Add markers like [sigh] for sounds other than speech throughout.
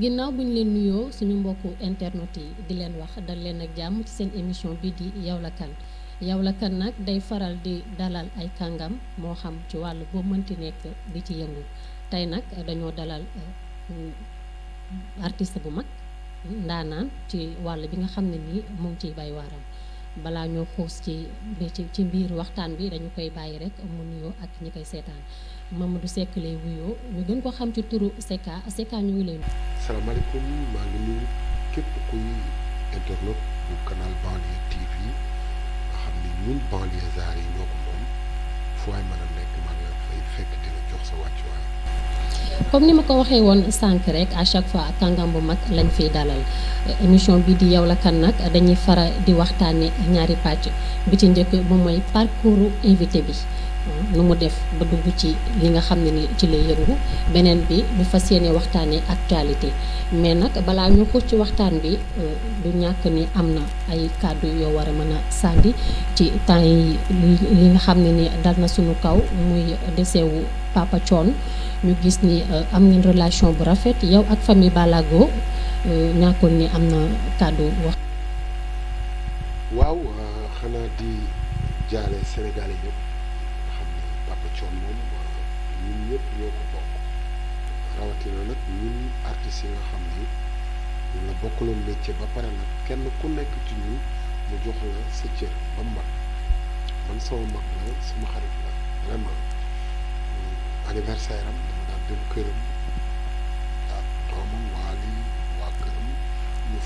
ginnaaw bu ñu leen nuyoo suñu mbokku internet yi di leen wax dal leen ak jàmm ci seen émission bi di yow la kan yow la kan nag day faral di dalal ay kàngam moo xam ci wàll boo mënti nekk di ci yëngu tey nag dañoo dalal euh, artiste bu mag naan ci wàll bi nga xam ne nii mu ngi ciy bay waaram balaa ñoo xuus ci ci ci biir waxtaan bi dañu koy bàyyi rek mu nuyoo ak ñi koy seetaan Mamadou Seck lay wuyoo ñu gën ko xam ci turu Secka Secka ñu ngi leen. salaamaaleykum maa ngi nuyu képp kuy internet bu canal banlieue TV nga yi ñoo ko moom ni ma ko waxee woon sànq rek à chaque fois kàngam bu mag lañ fi dalal émission bi di yow la kan nag dañuy fara di waxtaanee ñaari pàcc bi ci njëkk moom mooy parcours invité bi. nu mu def ba dugg ci li nga xam ne ni ci lay yëngu beneen bi ñu fa yéene waxtaanee actualité mais nag balaa ñu xuus ci waxtaan bi euh, du ñàkk ni am na ay kàddu yoo war a mën a sànni ci temps yi nga xam ne ni dal na suñu kaw muy décès wu Papa ñu gis ni euh, am ngeen relation bu rafet yow ak famille Balago euh, ñàkkul ni am na kàddu wax. waaw xanaa di jaale Sénégalais yëpp. coon moom ñun ñëpp ñoo ko bokk rawatina nag ñun artistes yi nga xam ni ñun la bokkaloon métier ba pare kenn ku nekk ci mu jox la sa cër ba mag man sama mag la sama xarit la vraiment anniversaire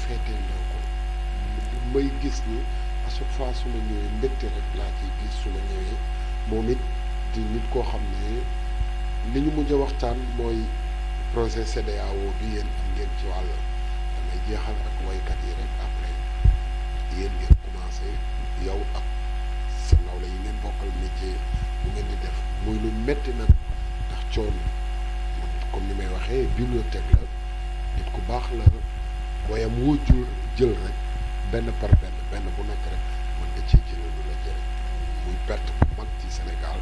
feetee loo ko may gis ni à fois su ñëwee mbégte rek laa ciy gis su ñëwee moom it di nit koo xam ne li ñu mujj a waxtaan mooy projet CEDEAO bi yéen am ngeen ci wàll jeexal ak waykat yi rek après yéen ngeen commencé yow ak sa nawle yi ngeen bokkal métier bu ngeen di def muy lu metti nag ndax coono man ni may waxee bibliothèque la nit ku baax la wayam woo jul jël rek benn par benn benn bu nekk rek mën nga ci jëlee lu la jëriñ muy perte bu mag ci Sénégal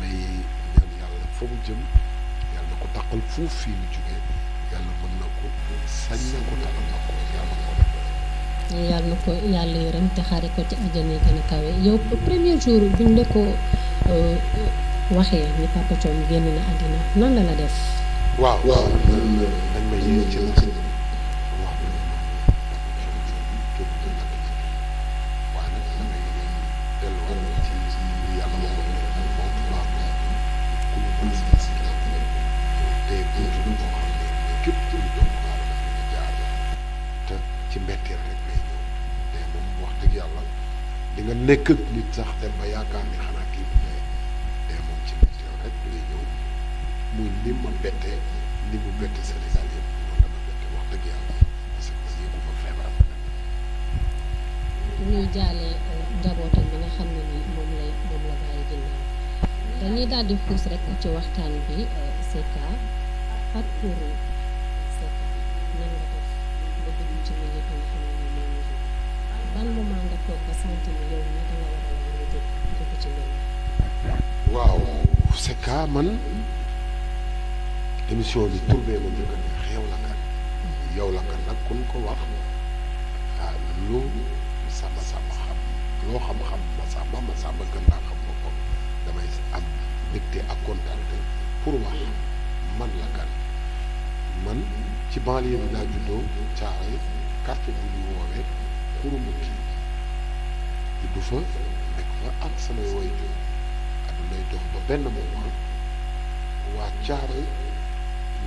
mais may jëm ko dàqal fuuf fii yàlla mën na ko sañ na ko taxal na ko ci àjjana yi gën a kawe yow premier jour biñ la ko euh, waxee ni Papa Thione génn na àddina nan la la def. nekk ak nit sax dem ba yaakaar ni xanaa kii bu dee ci météo rek lay ñëw muy ni mu bette jaale euh, njabootam bi nga xam ne ni moom lay moom la bàyyi ginnaaw dañuy daal di xuus rek ci waxtaan bi euh, Secka parcours Secka nan nga ban moment nga toog ba sentir yow mii da nga war a mën a jóg jóg bi tur la kan. yow la kan nag ku ñu ko wax ah lu sama sama xam loo xam-xam ma sàmba ma sàmba gën laa xam boppam damay am mbégte ak kontaante pour wax man la kan man ci banlieue bi laa juddoo Thiaroye quartier bu ñu woowee. kurumbu kii juddu fa nekk fa ak samay way jur adunay dox ba benn moment waa caaroy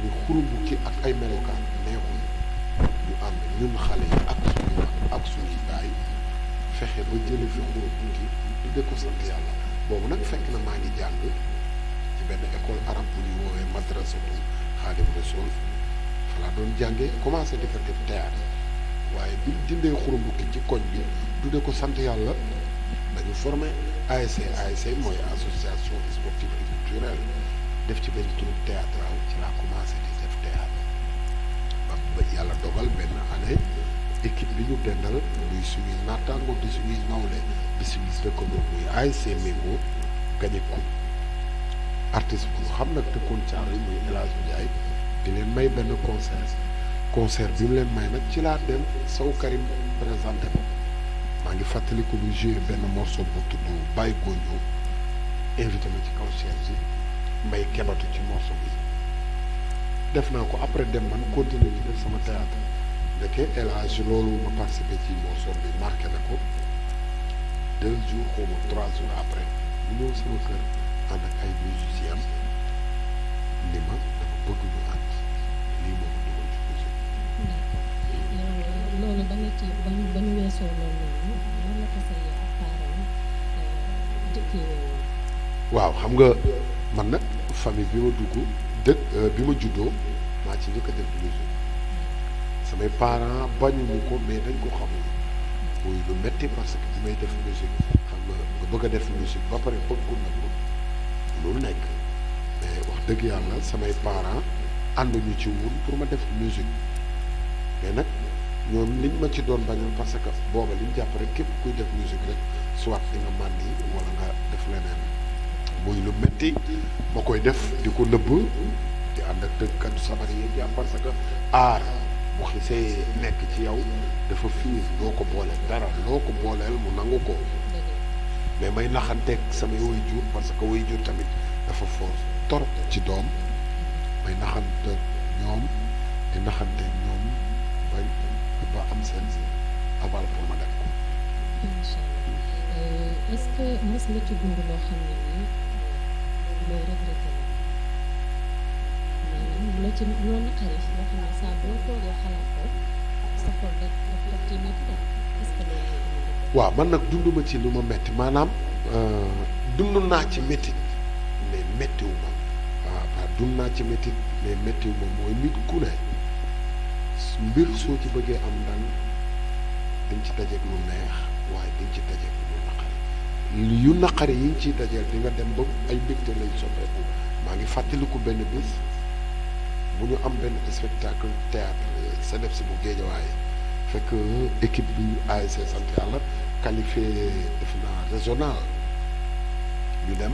ñu xurumbu ak ay melokaan neexul ñu ànd ñun xale yi ak suñu mag ak suñuy baay fexe ba jële fi xurumbu ki ko sant yàlla boobu nag fekk na maa ngi jàng ci benn école arabe bu ñuy woowee madrasatu Xaadim Rasul fa laa doon jàngee commencé di def théâtre waaye bi ñu dindee xurumbukki ci koñ bi tudde ko sant yàlla dañu forme ASC ASC mooy association sportive et culturelle def ci benn troupe théâtral ci laa commencé di def théâtre ba yàlla dogal benn année équipe bi ñu dendal muy suñuy naataango di suñuy nawle di suñuy dëkkandoo muy ASC Mengo gañe coupe artiste xam nag te caar yi muy El Hadj Ndiaye di may benn concert concert bi mu leen may nag ci laa dem saw Karim présenté ko maa ngi ko lu jouer benn morceau bu tudd Baye Goño invité ma ci kaw chaise yi may kebatu ci morceau bi def naa ko après dem man continuer ci def sama théâtre ndeke élage Hadj loolu ma participé ci morceau bi marqué na ko deux jours xaw trois jours après mu ñëw sama kër ànd ak ay musiciens ni ma dafa bëgg ñu ànd lii moom Euh, waaw xam nga man nag famille bi ma dugg dëkk euh, bi ma juddoo waa ci njëkk a def musique samay parents bañuñu ko mais dañ ko xamul muy lu metti parce que bi may def musique xam nga nga bëgg a def musique ba pare bëggul nag loolu nekk mais wax dëgg yàlla samay parent ànduñu ci woon pour ma def musique mais nag. ñoom liñ ma ci doon bañal parce que booba liñ jàpp rek képp kuy def musique rek soit di nga màndi wala nga def leneen muy lu metti ma koy def di ko nëbb di ànd ak tëggkatu sabar yi jàpp parce que aar bu xisee nekk ci yow dafa fiir doo ko boole dara loo ko booleel mu nangu ko mais may naxanteeg samay way jur parce que way jur tamit dafa foor tor ci doom may naxante ñoom di naxante ñoom bañ am seen aval pour euh, ce que mos ci dund loo xam euh, maanaam man nag dunduma ci lu ma métti maanaam euh, dund naa ci métti mais méttiwu waaw waaw dund naa ci métti mais méttiwu ma mooy nit ku mbir soo ci bëggee am ndànk dañ ci dajeeg lu neex waaye dañ ci dajeeg lu naqari yu naqari yi ñu ciy dajeel di nga dem ba ay mbégte lañ soppeeku maa ngi fàttaliku benn bis bu ñu am benn spectacle théâtre CNEPS bu Géejawaay fekk équipe bi ASC sant yàlla qualifié def naa régional ñu dem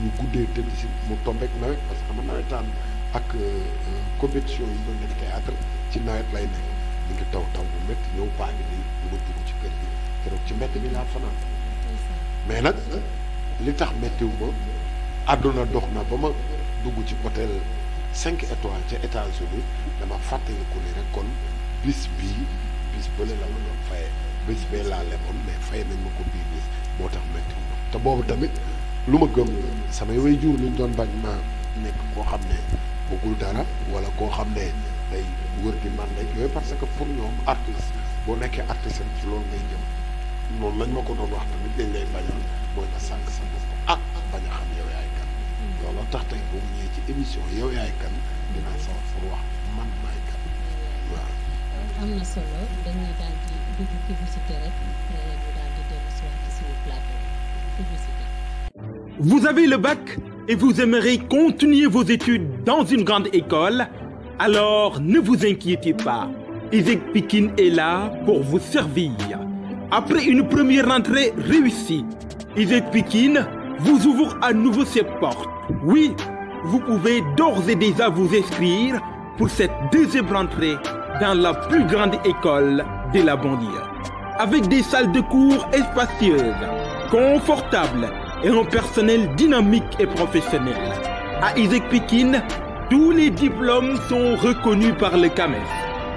ñu guddee tëdd si mu tombeek nawet parce que xam nga nawetaan ak euh, euh, compétitions yi ñu doon théâtre ci nawet lay nekk mu ngi taw taw bu métti ñëw paa bi nii dama dugg ci kër gi keroog ci métti bi laa fanaan mais nag li tax méttiwu àdduna dox na ba ma dugg ci hôtel cinq étoiles ca États-Unis dama fàttaliku ni rek kon bis bii bis bële la ma doon fayee bis bee laa leboon mais fay nañ ma ko bii bis moo tax méttiwu te boobu tamit lu ma gëm samay way jur luñ doon bañ ma nekk koo xam ne Vous avez le bac et vous aimerez continuer vos études dans une grande école, alors ne vous inquiétez pas. Isaac Pikin est là pour vous servir. Après une première entrée réussie, Isaac Pikin vous ouvre à nouveau ses portes. Oui, vous pouvez d'ores et déjà vous inscrire pour cette deuxième entrée dans la plus grande école de la banlieue. Avec des salles de cours espacieuses, confortables et un personnel dynamique et professionnel. À Isaac Pekin, tous les diplômes sont reconnus par le CAMES.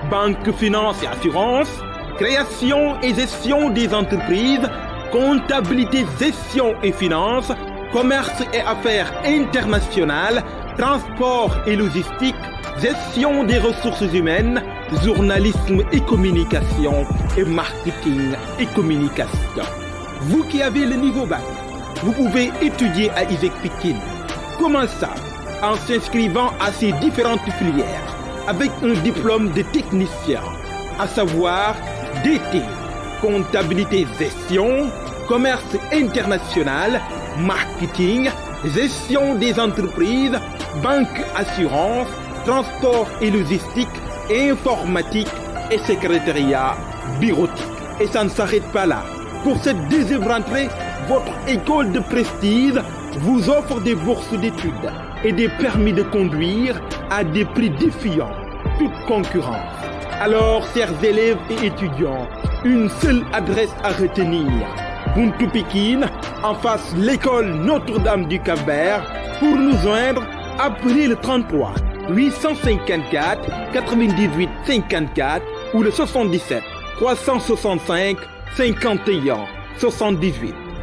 Banque, finance et assurance, création et gestion des entreprises, comptabilité, gestion et finance, commerce et affaires internationales, transport et logistique, gestion des ressources humaines, journalisme et communication et marketing et communication. Vous qui avez le niveau bac, vous pouvez étudier à Isaac Pikin. Comment ça En s'inscrivant à ces différentes filières avec un diplôme de technicien, à savoir DT, comptabilité gestion, commerce international, marketing, gestion des entreprises, banque assurance, transport et logistique, informatique et secrétariat bureautique. Et ça ne s'arrête pas là. Pour cette deuxième rentrée, votre école de prestige vous offre des bourses d'études et des permis de conduire à des prix défiants toute concurrence. Alors, chers élèves et étudiants, une seule adresse à retenir. Buntu en face l'école Notre-Dame du cap Pour nous joindre, appelez le 33 854 98 54 ou le 77 365 51 78.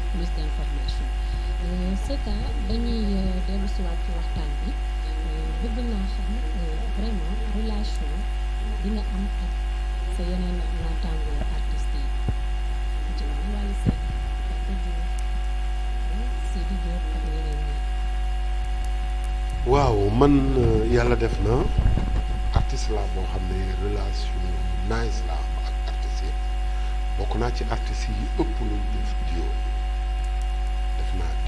def plus d' euh, euh, euh, waaw man yàlla def na artiste la boo xam ne relation nice la am ak artistes bokk naa ci artistes yi ëpp lu def duo.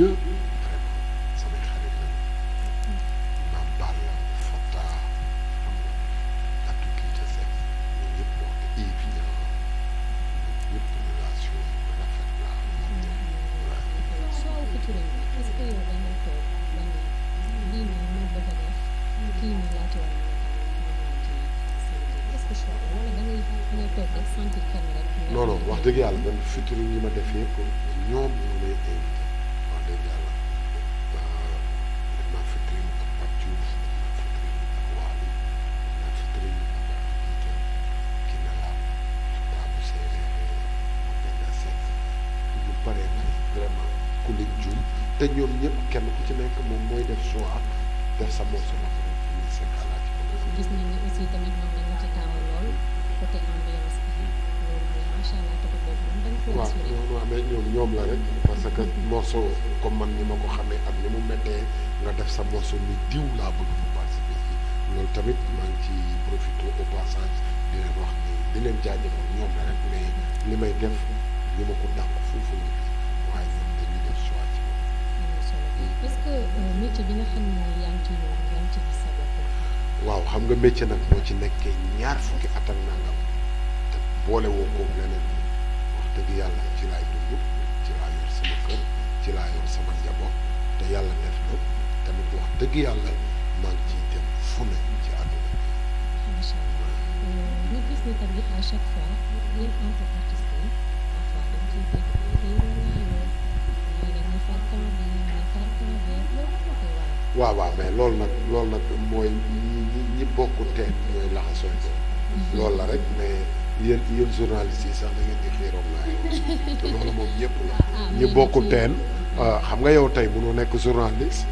Good te ñoom ñëpp kenn ku ci nekk moom mooy def choix def sa morceau boo gis nañ ne aussi tamit moom que morceau comme man ni ma ko xamee ak ni mu méttee nga def sa morceau ni diw laa bëgg bu participer ci loolu tamit maa ci profité au passage di leen wax ni di leen jaajëfal ñoom la rek mais li may def li ma ko dàq foofu la. est-ce que euh, métier bi nga xam waaw xam nga métier nag boo ci nekkee ñaar fukki at ak nangam te boole woo ko leneen wax dëgg yàlla ci laay dund ci laa yor sama kër ci laa yor sama njaboot te yàlla def na tamit wax dëgg yàlla maa ngi ciy dem ci àdduna. macha allah euh, ñu waaw waaw mais loolu nag loolu nag mooy ñi ñi bokku teen ñooy laxasoo mm-hmm. loolu la rek mais yéen yéen journalistes yi sax da ngeen di [laughs] moom ñëpp ah, ñi bokku teen ah, xam nga yow tey mënoo nekk journaliste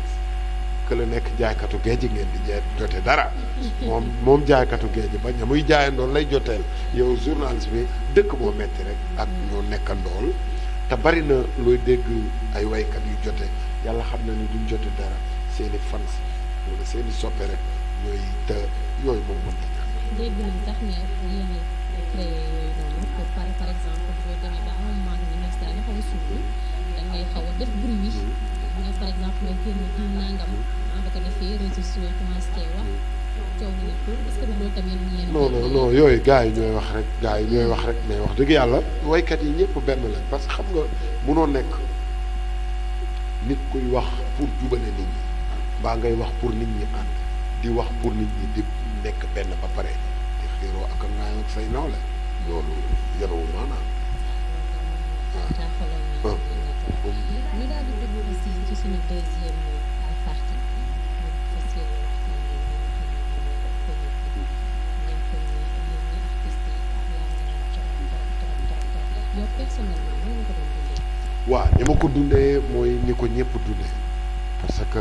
que la nekk jaaykatu géej gi ngeen di jote dara [laughs] moom moom jaaykatu géej ba ña muy jaayandool lay joteel yow journaliste bi dëkk moo metti rek ak ñoo nekkandool te bari na looy dégg ay waykat yu jote yàlla xam na ni duñ jote dara seen i fans wala seen i soppe rek ñooy te yooyu moom mënut mm-hmm. ah, wax mm-hmm. ñooy wax rek gars yi ñooy wax rek mais wax dëgg yàlla. waykat yi ñëpp benn lañ parce que xam nga mënoo nekk nit kuy wax pour jubale nit ñi. mbaa ngay wax pour nit ñi ànd di wax pour nit ñi di nekk benn ba pare di xiiroo ak a ŋaayoo ak say nawle ah. ah. ñu ma ko dundee mooy ni ko ñëpp dundee parce que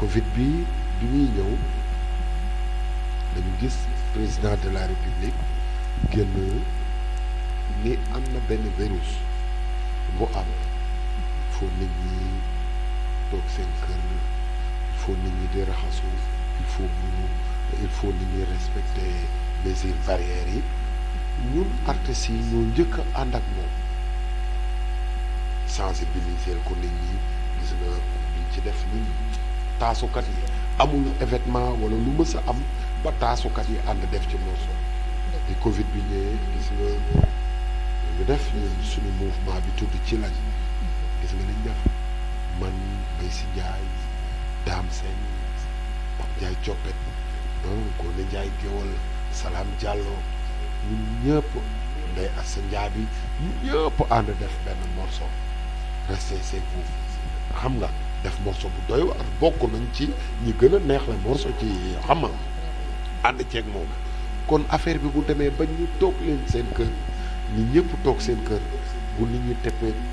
Covid bi bi ñuy ñëw dañu gis président de la république génn ni am na benn virus bu am il faut nit ñi toog seen kër il faut nit ñi di raxasu il faut ñu il faut nit ñi respecter les barrières yi ñun artistes yi ñoo njëkk a ànd ak moom sensibiliser ko nit ñi gis nga ci def nit ñi taasukat yi amul événement wala lu mës a am ba taasukat yi ànd def ci morceau di Covid bi ñëwee gis nga ñu def ñun suñu mouvement bi tudd ci lañ gis nga liñ def man Mbaye Sy Ndiaye Dame Sène Pape Ndiaye Coppet Ngoné ah, Ndiaye Géwal Salam Diallo ñun ñëpp Ndeye Assa Ndiaye bi ñun ñëpp ànd def benn morceau resté c'est vous xam nga. def morceau bu doy waar bokk nañ ci ñi gën a neex la morceau ci xam nga ànd ceeg moom kon affaire bi bu demee ba ñu toog leen seen kër ñi ñëpp toog seen kër bu nit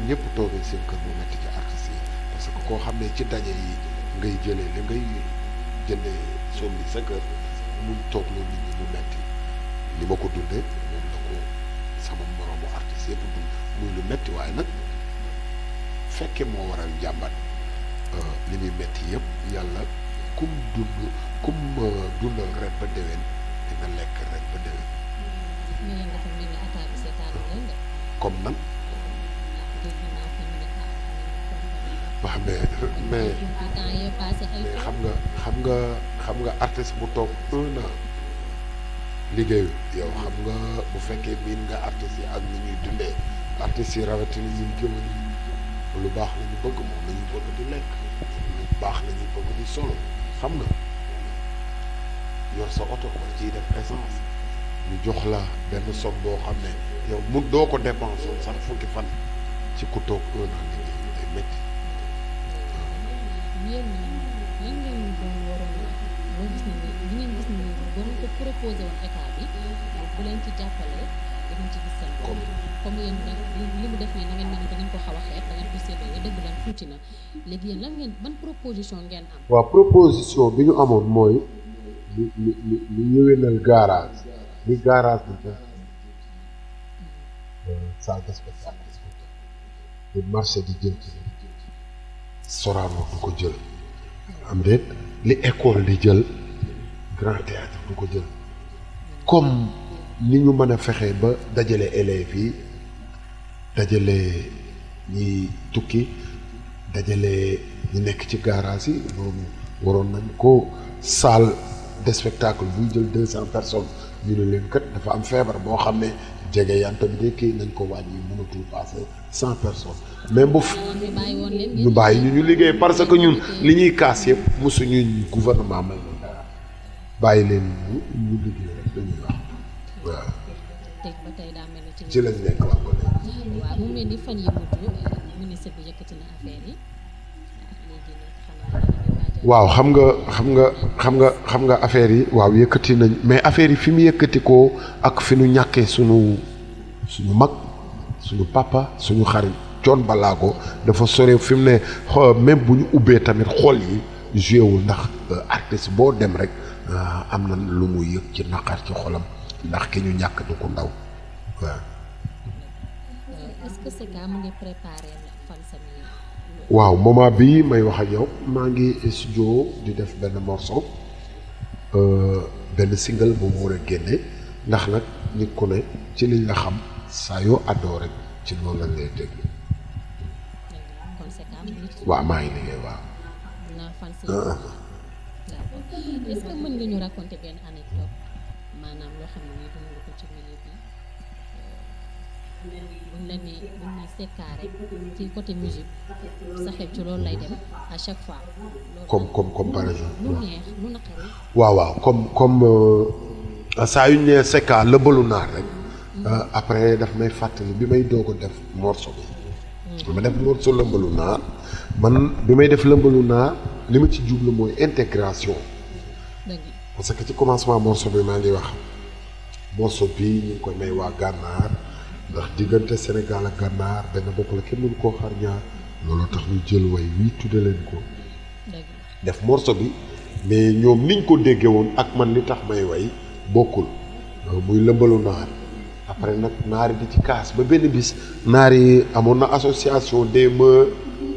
ñëpp toogee seen kër mu metti ci artistes parce que koo xam ne ci daje yi ngay jëlee li ngay jëndee soom sa kër mun toog loolu nit ñi metti li ma ko dundee moom la ko sama moroomu artistes yëpp dund muy lu metti waaye nag fekke moo waral jàmbat li muy métti yëpp yàlla kum dund kum euh, dundal ren ba déwén dina lekk ren ba comme nan. ba xam [laughs] mais xam nga xam nga xam nga artiste bu toog un an liggéeyu yow xam nga bu fekkee miin nga artistes yi ak ni ñuy dundee artistes yi rawatina yi jëmale. lu baax la ñu bëgg moom la ñu bëgg di lekk lu baax la ñu bëgg di solo xam nga yor sa oto war ciy def essence ñu jox la benn sob boo xam ne yow mu doo ko dépensé sax fukki fan ci ku toog un an liggéey day métti. yéen gis ni ngeen gis ko proposé woon état bi bu leen ci jàppale. danañ li mu def na ngeen mel ni ngeen ko xaw a xeeb da ngeen ko dëgg la tuuti na léegi yéen lan ngeen ban proposition ngeen proposition bi ñu amoon mooy li li li li yëwénal garage li garage bi euh, def di jël ci du ko jël am déet li école di jël grand théâtre du ko jël comme. ni ñu mën a fexe ba dajale élèves yi dajale ñi tukki dajale ñi nekk ci garage yi loolu waroon nañ ko salle de spectacle buy jël deux cent personnes ñu ne leen kat dafa am feebar boo xam ne jege yanta bi de nañ ko wàññi mënatul passé cent personnes mais bu ñu bàyyi ñu ñu liggéey parce que ñun li ñuy kaas yëpp mosuñu gouvernement may na bàyyi leen ñu ñu liggéey rek dañuy wax waaw teg ba ci ci lañ euh, xam nga xam nga xam nga xam nga affaire yi waaw yëkkati nañ mais affaire yi fi mu yëkkati ko ak fi nu ñàkkee suñu suñu mag suñu papa suñu xarit coon balaa ko dafa sore fi mu ne même bu ñu ubbee tamit xool yi joué ndax euh, artiste boo dem rek euh, am na lu mu yëg ci naqar ci xolam ndax ki ñu ñàkk du ko ndaw waaw. est-ce bii may wax ak yow maa ngi studio di def benn morceau euh, benn single bu mu génne ndax nag nit ku ne ci liñ la xam saa yoo àddoo rek ci loolu lañ lay déglu. waaw maa ngi liggéey waaw. maanaam loo xam ne nii dund ko ci milieu bi buñ euh, la ni buñ ni sekkaare ci côté musique sa ci loolu lay dem à chaque fois. comme comme comme par exemple. lu neex lu naqari. waaw waaw comme comme euh, saa yu ñu nee sekkaar balu naar rek. Mm-hmm. Euh, après daf may fàttali bi may doog a def morceau bi. Mm-hmm. ma def morceau lëmbalu naar man bi may def lëmbalu naar li ma ci jublu mooy intégration. parce que ci commencement morceau bi maa ngi wax morceau bi ñu ngi koy may waa gànnaar ndax diggante Sénégal ak gànnaar benn bopp la kenn mënu koo xar ñaar loolu tax ñu jël way wii tudde leen ko def morceau bi mais ñoom niñ ko déggee woon ak man li tax may way bokkul muy lëmbalu naar après nag naar bi ci kaas ba benn bis yi amoon na association des mœurs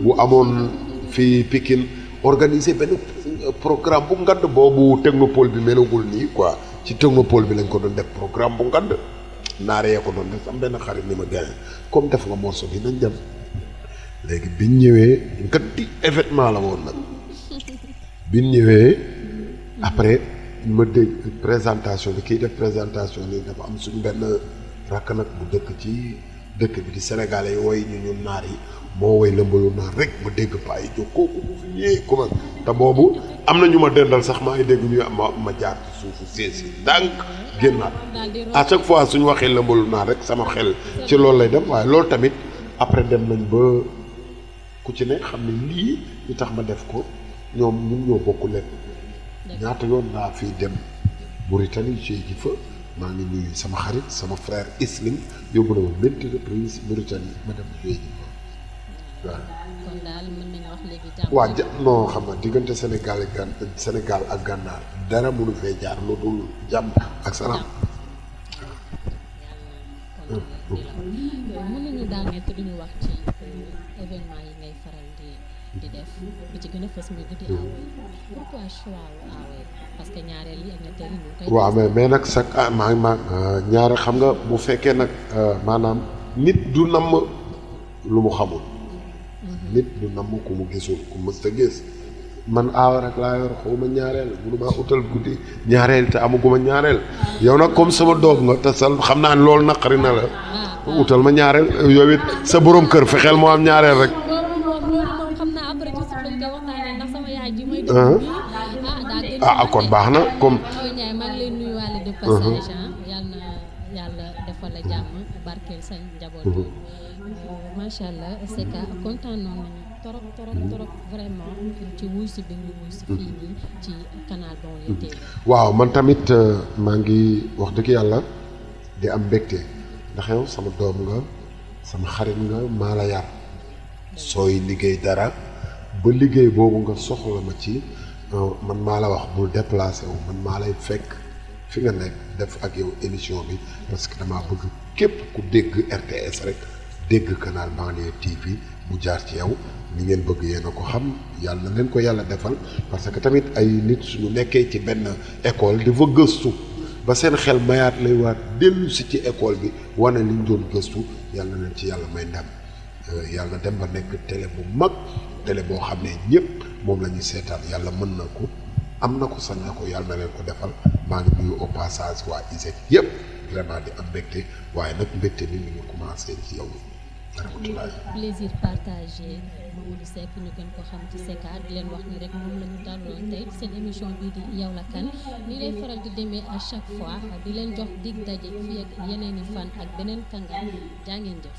bu amoon fii pikin organiser benn euh, programme bu ngand boobu na technopole bi melagul nii quoi ci technopole bi lañ ko doon def programme bu naar yee ko doon def am benn xarit ni ma comme def nga morceau bi nañ dem léegi biñ ñëwee ngandi événement la woon nag biñ ñëwee après ma dégg présentation bi kii def présentation ni dafa am suñ benn rakk nag bu dëkk ci dëkk bi di sénégalais yi wooy ñu ñun naar yi moo woy lëmbalu naan rek ma dégg paa yi jóg kooku mu fi yee commencé te boobu am na ñu ma dendal sax maa ngi dégg ñuy am ma jaar ci suufu seesi ndànk génnaat à chaque fois suñu waxee lëmbalu naan rek sama xel ci loolu lay dem waaye loolu tamit après dem nañ ba ku ci ne xam ne lii li tax ma def ko ñoom ñun ñoo bokk lépp ñaata yoon naa fi dem Mauritanie jëy ji fa maa ngi nuyu sama xarit sama frère Islim yóbbu na ma maintes reprises Mauritanie ma dem jëy ji waaw non xam nga diggante Sénégal ak Sénégal ak dara mënu fee jaar lu dul jàmm ak salaam. mën nañu wax ci événement yi ngay faral di di def bi ci gën a fës muy guddi pourquoi choix parce nit du namm lu nit ñu namm ku mu gisul a gis man aaw rek laa yor xaw ma ñaareel mënumaa utal guddi ñaareel te amaguma ñaareel yow nag comme sama doom nga te sal xam naa ne loolu naqari na la utal ma ñaareel yow it sa boroom kër fexeel moo am ñaareel rek. ah, ah kon baax na comme. macha allah STK kontaan nañu torop torop torop vraiment ci wuy bi nga wuy si fii ci canal waaw man tamit euh, ngi wax di am ndax yow sama nga sama xarit nga la yar dara ba liggéey boobu nga soxla ma ci euh, man maa la wax bul déplacé wu man maa lay fekk fi nga def ak yow émission bi parce que dama bëgg képp ku dégg RTS rek dégg Canal Banlieue TV bu jaar ci yow ni ngeen bëgg yéen a ko xam yàlla na leen ko yàlla defal parce que tamit ay nit suñu nekkee ci benn école di fa gëstu ba seen xel mayaat lay waat dellu ci école bi wane li doon gëstu yàlla na leen ci yàlla may ndam euh, yàlla dem ba nekk télé bu mag télé boo xam ne ñëpp moom la ñuy seetaan yàlla mën na ko am na ko sañ na ko yàlla na leen ko defal maa ngi nuyu au passage waa ISEC yëpp vraiment di am mbégte waaye nag mbégte bi ñu ngi commencé ci yow. plaisir partagé Mamadou Seck ñu gën ko xam ci Secka di leen wax ni rek moom la ñu daloon tey seen émission bii di yow la kan ni lay faral di demee à chaque fois di leen jox dig daje fii ak yeneen i fan ak beneen kànga jaa ngeen jëf